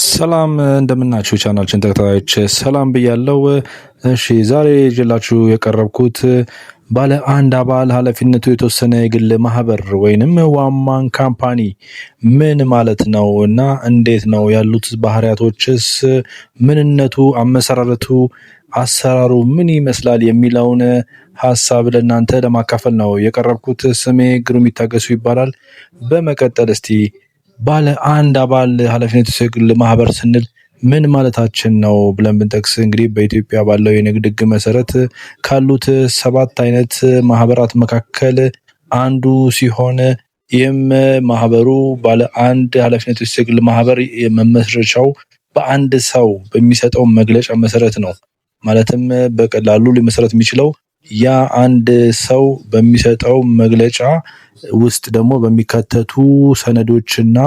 ሰላም እንደምናችሁ ቻናልችን ተከታታዮች ሰላም ብያለው። እሺ ዛሬ ይዤላችሁ የቀረብኩት ባለ አንድ አባል ኃላፊነቱ የተወሰነ የግል ማህበር ወይንም ዋማን ካምፓኒ ምን ማለት ነው እና እንዴት ነው ያሉት ባህሪያቶችስ፣ ምንነቱ፣ አመሰራረቱ፣ አሰራሩ ምን ይመስላል የሚለውን ሀሳብ ለእናንተ ለማካፈል ነው የቀረብኩት። ስሜ ግሩም ይታገሱ ይባላል። በመቀጠል እስቲ ባለ አንድ አባል ኃላፊነት የተሰጠው ማህበር ስንል ምን ማለታችን ነው ብለን ብንጠቅስ እንግዲህ በኢትዮጵያ ባለው የንግድ ሕግ መሰረት ካሉት ሰባት አይነት ማህበራት መካከል አንዱ ሲሆን ይህም ማህበሩ ባለ አንድ ኃላፊነት የግል ማህበር መመስረቻው በአንድ ሰው በሚሰጠው መግለጫ መሰረት ነው። ማለትም በቀላሉ ሊመሰረት የሚችለው ያ አንድ ሰው በሚሰጠው መግለጫ ውስጥ ደግሞ በሚካተቱ ሰነዶችና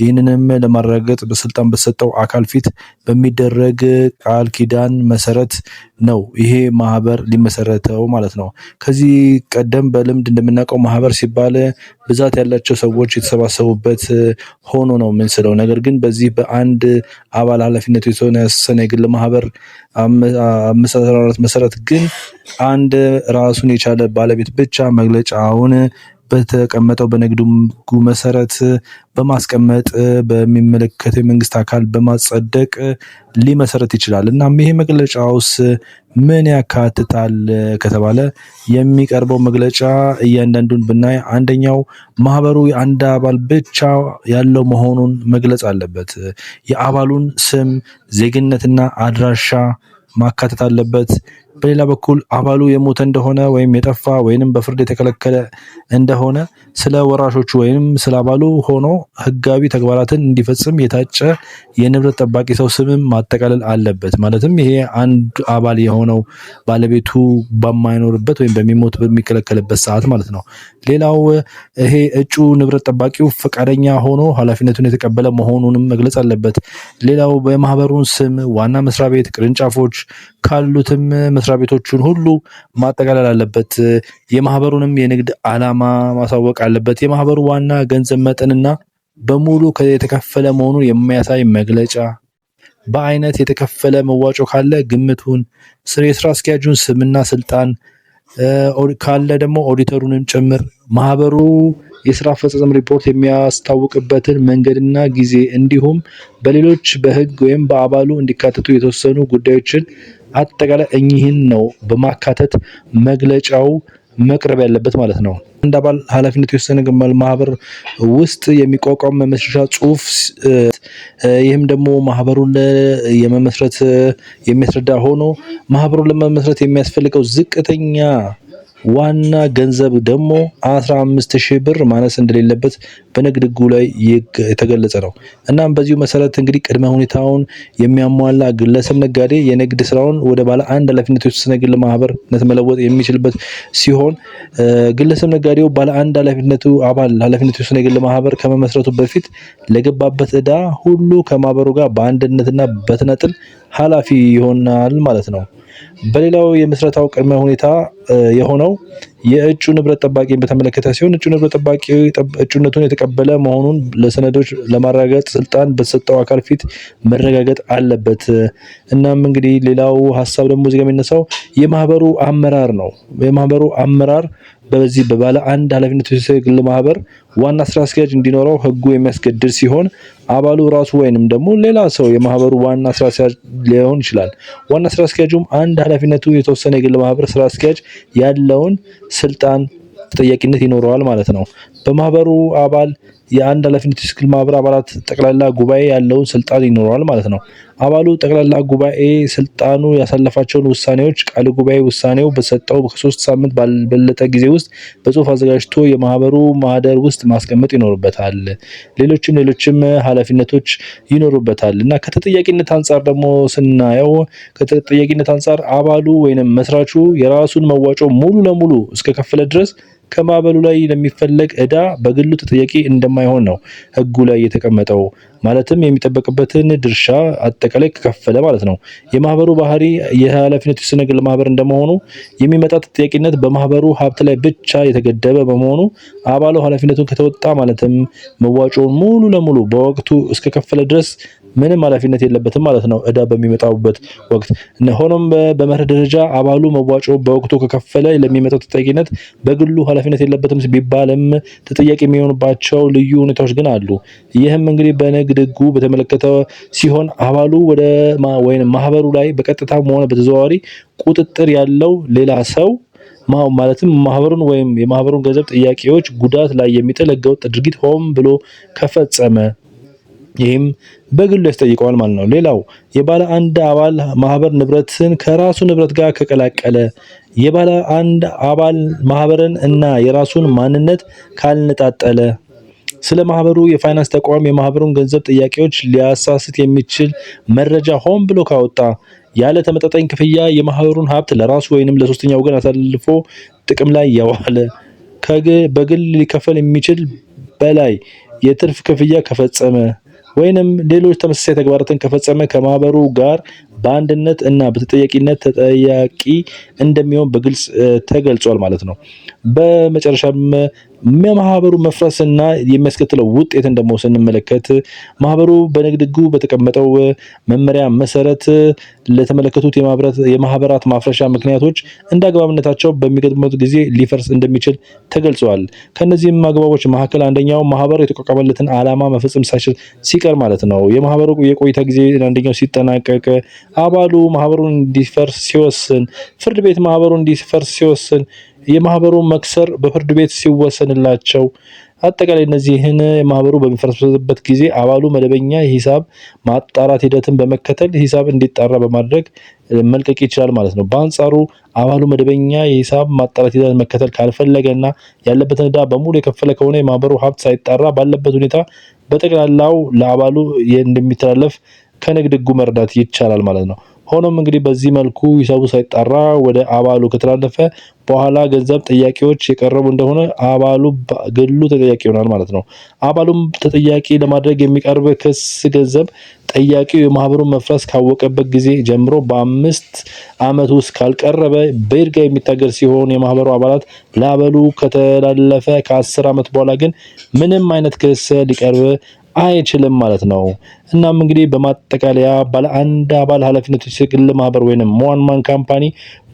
ይህንንም ለማረጋገጥ በስልጣን በሰጠው አካል ፊት በሚደረግ ቃል ኪዳን መሰረት ነው ይሄ ማህበር ሊመሰረተው ማለት ነው። ከዚህ ቀደም በልምድ እንደምናውቀው ማህበር ሲባል ብዛት ያላቸው ሰዎች የተሰባሰቡበት ሆኖ ነው የምንስለው። ነገር ግን በዚህ በአንድ አባል ኃላፊነቱ የተወሰነ የግል ማህበር አመሰራረት መሰረት ግን አንድ ራሱን የቻለ ባለቤት ብቻ መግለጫውን በተቀመጠው በንግዱ መሰረት በማስቀመጥ በሚመለከተው የመንግስት አካል በማጸደቅ ሊመሰረት ይችላል። እናም ይሄ መግለጫውስ ምን ያካትታል ከተባለ የሚቀርበው መግለጫ እያንዳንዱን ብናይ አንደኛው ማህበሩ የአንድ አባል ብቻ ያለው መሆኑን መግለጽ አለበት። የአባሉን ስም ዜግነትና አድራሻ ማካተት አለበት። በሌላ በኩል አባሉ የሞተ እንደሆነ ወይም የጠፋ ወይንም በፍርድ የተከለከለ እንደሆነ ስለ ወራሾቹ ወይም ስለ አባሉ ሆኖ ህጋዊ ተግባራትን እንዲፈጽም የታጨ የንብረት ጠባቂ ሰው ስምም ማጠቃለል አለበት። ማለትም ይሄ አንድ አባል የሆነው ባለቤቱ በማይኖርበት ወይም በሚሞት በሚከለከልበት ሰዓት ማለት ነው። ሌላው ይሄ እጩ ንብረት ጠባቂው ፈቃደኛ ሆኖ ኃላፊነቱን የተቀበለ መሆኑንም መግለጽ አለበት። ሌላው የማህበሩን ስም፣ ዋና መስሪያ ቤት፣ ቅርንጫፎች ካሉትም መስሪያ ቤቶቹን ሁሉ ማጠቃለል አለበት። የማህበሩንም የንግድ ዓላማ ማሳወቅ አለበት። የማህበሩ ዋና ገንዘብ መጠንና በሙሉ የተከፈለ መሆኑን የሚያሳይ መግለጫ፣ በአይነት የተከፈለ መዋጮ ካለ ግምቱን፣ የስራ አስኪያጁን ስምና ስልጣን ካለ ደግሞ ኦዲተሩንም ጭምር ማህበሩ የስራ አፈጻጸም ሪፖርት የሚያስታውቅበትን መንገድና ጊዜ እንዲሁም በሌሎች በህግ ወይም በአባሉ እንዲካተቱ የተወሰኑ ጉዳዮችን አጠቃላይ እኚህን ነው በማካተት መግለጫው መቅረብ ያለበት ማለት ነው። አንድ አባል ኃላፊነት የወሰነ ግመል ማህበር ውስጥ የሚቋቋም መመስረሻ ጽሁፍ፣ ይህም ደግሞ ማህበሩን የመመስረት የሚያስረዳ ሆኖ ማህበሩን ለመመስረት የሚያስፈልገው ዝቅተኛ ዋና ገንዘብ ደግሞ 15 ሺህ ብር ማነስ እንደሌለበት በንግድ ላይ የተገለጸ ነው። እናም በዚሁ መሰረት እንግዲህ ቅድመ ሁኔታውን የሚያሟላ ግለሰብ ነጋዴ የንግድ ስራውን ወደ ባለ አንድ ኃላፊነት የተወሰነ ግል ማህበርነት መለወጥ የሚችልበት ሲሆን ግለሰብ ነጋዴው ባለ አንድ ኃላፊነቱ አባል ኃላፊነቱ የተወሰነ የግል ማህበር ከመመስረቱ በፊት ለገባበት እዳ ሁሉ ከማህበሩ ጋር በአንድነትና በተናጥል ኃላፊ ይሆናል ማለት ነው። በሌላው የምስረታው ቅድመ ሁኔታ የሆነው የእጩ ንብረት ጠባቂን በተመለከተ ሲሆን እጩ ንብረት ጠባቂ እጩነቱን የተቀበለ መሆኑን ለሰነዶች ለማረጋገጥ ስልጣን በተሰጠው አካል ፊት መረጋገጥ አለበት። እናም እንግዲህ ሌላው ሀሳብ ደግሞ እዚህ የሚነሳው የማህበሩ አመራር ነው። የማህበሩ አመራር በዚህ በባለ አንድ ኃላፊነት ግል ማህበር ዋና ስራ አስኪያጅ እንዲኖረው ህጉ የሚያስገድድ ሲሆን አባሉ ራሱ ወይንም ደግሞ ሌላ ሰው የማህበሩ ዋና ስራ አስኪያጅ ሊሆን ይችላል። ዋና ስራ አስኪያጁም አንድ ኃላፊነቱ የተወሰነ የግል ማህበር ስራ አስኪያጅ ያለውን ስልጣን ተጠያቂነት ይኖረዋል ማለት ነው። በማህበሩ አባል የአንድ ኃላፊነት የሽግግር ማህበር አባላት ጠቅላላ ጉባኤ ያለውን ስልጣን ይኖረዋል ማለት ነው። አባሉ ጠቅላላ ጉባኤ ስልጣኑ ያሳለፋቸውን ውሳኔዎች ቃለ ጉባኤ ውሳኔው በሰጠው ከሶስት ሳምንት ባልበለጠ ጊዜ ውስጥ በጽሁፍ አዘጋጅቶ የማህበሩ ማህደር ውስጥ ማስቀመጥ ይኖርበታል። ሌሎችም ሌሎችም ኃላፊነቶች ይኖሩበታል እና ከተጠያቂነት አንጻር ደግሞ ስናየው ከተጠያቂነት አንጻር አባሉ ወይንም መስራቹ የራሱን መዋጮ ሙሉ ለሙሉ እስከከፈለ ድረስ ከማዕበሉ ላይ ለሚፈለግ እዳ በግሉ ተጠያቂ እንደማይሆን ነው ህጉ ላይ የተቀመጠው። ማለትም የሚጠበቅበትን ድርሻ አጠቃላይ ከከፈለ ማለት ነው። የማህበሩ ባህሪ የኃላፊነት ስነግል ማህበር እንደመሆኑ የሚመጣ ተጠያቂነት በማህበሩ ሀብት ላይ ብቻ የተገደበ በመሆኑ አባሉ ኃላፊነቱን ከተወጣ ማለትም መዋጮውን ሙሉ ለሙሉ በወቅቱ እስከከፈለ ድረስ ምንም ኃላፊነት የለበትም ማለት ነው እዳ በሚመጣበት ወቅት። ሆኖም በመርህ ደረጃ አባሉ መዋጮ በወቅቱ ከከፈለ ለሚመጣው ተጠያቂነት በግሉ ኃላፊነት የለበትም ቢባልም ተጠያቂ የሚሆኑባቸው ልዩ ሁኔታዎች ግን አሉ። ይህም እንግዲህ በንግድ ህጉ በተመለከተ ሲሆን አባሉ ወደ ወይም ማህበሩ ላይ በቀጥታ ሆነ በተዘዋዋሪ ቁጥጥር ያለው ሌላ ሰው ማለትም ማህበሩን ወይም የማህበሩን ገንዘብ ጥያቄዎች ጉዳት ላይ የሚጥል ህገወጥ ድርጊት ሆን ብሎ ከፈጸመ ይህም በግሉ ያስጠይቀዋል ማለት ነው። ሌላው የባለ አንድ አባል ማህበር ንብረትን ከራሱ ንብረት ጋር ከቀላቀለ የባለ አንድ አባል ማህበርን እና የራሱን ማንነት ካልነጣጠለ ስለ ማህበሩ የፋይናንስ ተቋም የማህበሩን ገንዘብ ጥያቄዎች ሊያሳስት የሚችል መረጃ ሆን ብሎ ካወጣ ያለ ተመጣጣኝ ክፍያ የማህበሩን ሀብት ለራሱ ወይንም ለሶስተኛ ወገን አሳልፎ ጥቅም ላይ ያዋለ በግል ሊከፈል የሚችል በላይ የትርፍ ክፍያ ከፈጸመ ወይንም ሌሎች ተመሳሳይ ተግባራትን ከፈጸመ ከማህበሩ ጋር በአንድነት እና በተጠያቂነት ተጠያቂ እንደሚሆን በግልጽ ተገልጿል ማለት ነው። በመጨረሻም የማህበሩ መፍረስና የሚያስከትለው ውጤትን ደግሞ ስንመለከት ማህበሩ በንግድ በተቀመጠው መመሪያ መሰረት ለተመለከቱት የማህበራት ማፍረሻ ምክንያቶች እንደ አግባብነታቸው በሚገጥሙት ጊዜ ሊፈርስ እንደሚችል ተገልጿል። ከእነዚህም አግባቦች መካከል አንደኛው ማህበሩ የተቋቋመለትን ዓላማ መፈጸም ሳይችል ሲቀር ማለት ነው። የማህበሩ የቆይታ ጊዜ አንደኛው ሲጠናቀቅ፣ አባሉ ማህበሩን እንዲፈርስ ሲወስን፣ ፍርድ ቤት ማህበሩን እንዲፈርስ ሲወስን የማህበሩ መክሰር በፍርድ ቤት ሲወሰንላቸው አጠቃላይ እነዚህን ማህበሩ በሚፈረስበት ጊዜ አባሉ መደበኛ ሂሳብ ማጣራት ሂደትን በመከተል ሂሳብ እንዲጣራ በማድረግ መልቀቅ ይችላል ማለት ነው። በአንጻሩ አባሉ መደበኛ የሂሳብ ማጣራት ሂደትን መከተል ካልፈለገና ያለበትን ዕዳ በሙሉ የከፈለ ከሆነ የማህበሩ ሀብት ሳይጣራ ባለበት ሁኔታ በጠቅላላው ለአባሉ እንደሚተላለፍ ከንግድ ህጉ መረዳት ይቻላል ማለት ነው። ሆኖም እንግዲህ በዚህ መልኩ ሂሳቡ ሳይጣራ ወደ አባሉ ከተላለፈ በኋላ ገንዘብ ጥያቄዎች የቀረቡ እንደሆነ አባሉ ግሉ ተጠያቂ ይሆናል ማለት ነው። አባሉም ተጠያቂ ለማድረግ የሚቀርብ ክስ ገንዘብ ጠያቂው የማህበሩን መፍረስ ካወቀበት ጊዜ ጀምሮ በአምስት ዓመት ውስጥ ካልቀረበ በይርጋ የሚታገድ ሲሆን የማህበሩ አባላት ለአበሉ ከተላለፈ ከአስር ዓመት በኋላ ግን ምንም አይነት ክስ ሊቀርብ አይችልም ማለት ነው። እናም እንግዲህ በማጠቃለያ ባለ አንድ አባል ኃላፊነቶች የግል ማህበር ወይንም ዋን ማን ካምፓኒ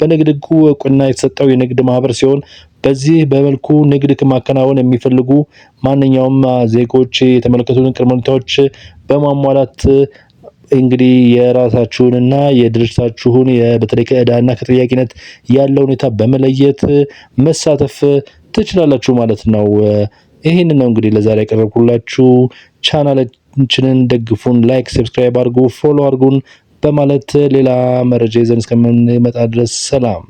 በንግድ ሕጉ እውቅና የተሰጠው የንግድ ማህበር ሲሆን በዚህ በመልኩ ንግድ ማከናወን የሚፈልጉ ማንኛውም ዜጎች የተመለከቱ ቅድመ ሁኔታዎች በማሟላት እንግዲህ የራሳችሁንና የድርጅታችሁን በተለይ ከእዳና ከጥያቄነት ያለው ሁኔታ በመለየት መሳተፍ ትችላላችሁ ማለት ነው። ይህንን ነው እንግዲህ ለዛሬ ያቀረብኩላችሁ። ቻናላችንን ደግፉን፣ ላይክ፣ ሰብስክራይብ አድርጉ፣ ፎሎ አድርጉን በማለት ሌላ መረጃ ይዘን እስከምንመጣ ድረስ ሰላም።